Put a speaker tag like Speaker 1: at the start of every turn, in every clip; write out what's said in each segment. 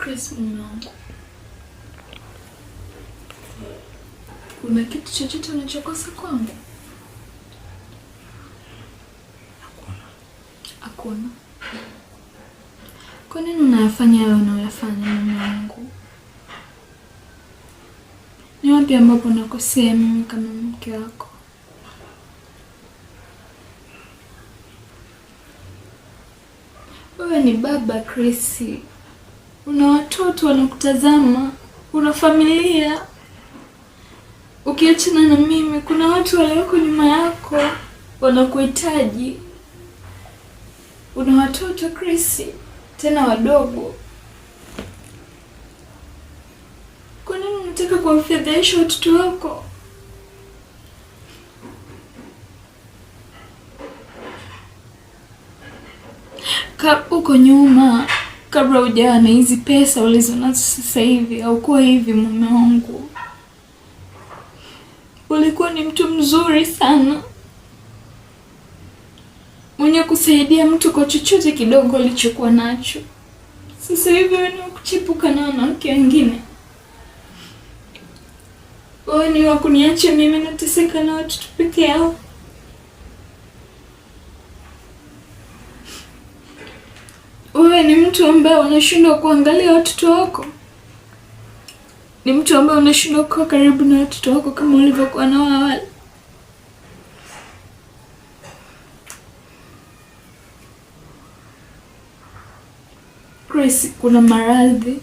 Speaker 1: Crispy mom. Kuna kitu chochote unachokosa kwangu? Hakuna. Hakuna. Kwa nini unayafanya hayo unayofanya mume wangu? Ni wapi ambapo nakosea mimi kama mke wako? Wewe ni baba Chris una watoto wanakutazama, una familia. Ukiachana na mimi, kuna watu walioko nyuma yako wanakuhitaji. Una watoto Chris, tena wadogo. Kwa nini unataka kuwafadhaisha watoto wako? Ka uko nyuma kabla hujawa na hizi pesa ulizonazo sasa hivi, au hivi mume wangu, ulikuwa ni mtu mzuri sana mwenye kusaidia mtu kwa chochote kidogo alichokuwa nacho. Sasa hivi wewe kuchipuka na wanawake wengine, wewe ni wa kuniacha mimi nateseka na watoto peke yao. wewe ni mtu ambaye unashindwa kuangalia watoto wako, ni mtu ambaye unashindwa kuwa karibu na watoto wako kama ulivyokuwa nao awali. Grace, kuna maradhi,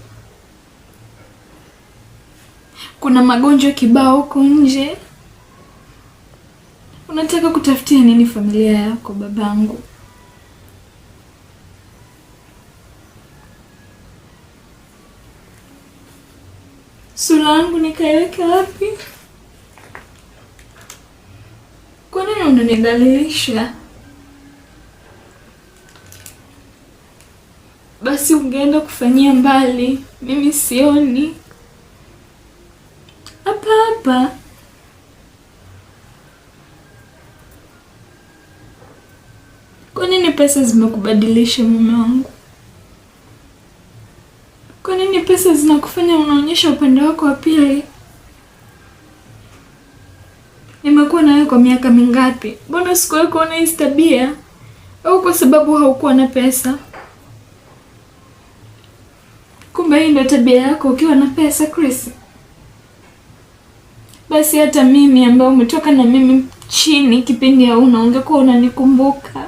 Speaker 1: kuna magonjwa kibao huko nje. Unataka kutafutia nini familia yako babangu? Sura yangu nikaiweke wapi? Kwa nini unanidhalilisha? Basi ungeenda kufanyia mbali, mimi sioni hapa hapa. Kwa nini pesa zimekubadilisha mume wangu? Kwa nini pesa zinakufanya unaonyesha upande wako wa pili? Nimekuwa nawe kwa miaka mingapi? Mbona sikuwahi kuona hizi tabia? Au kwa sababu haukuwa na pesa? Kumbe hii ndio tabia yako ukiwa na pesa, Chris. Basi hata mimi ambayo umetoka na mimi chini kipindi hauna ungekuwa unanikumbuka.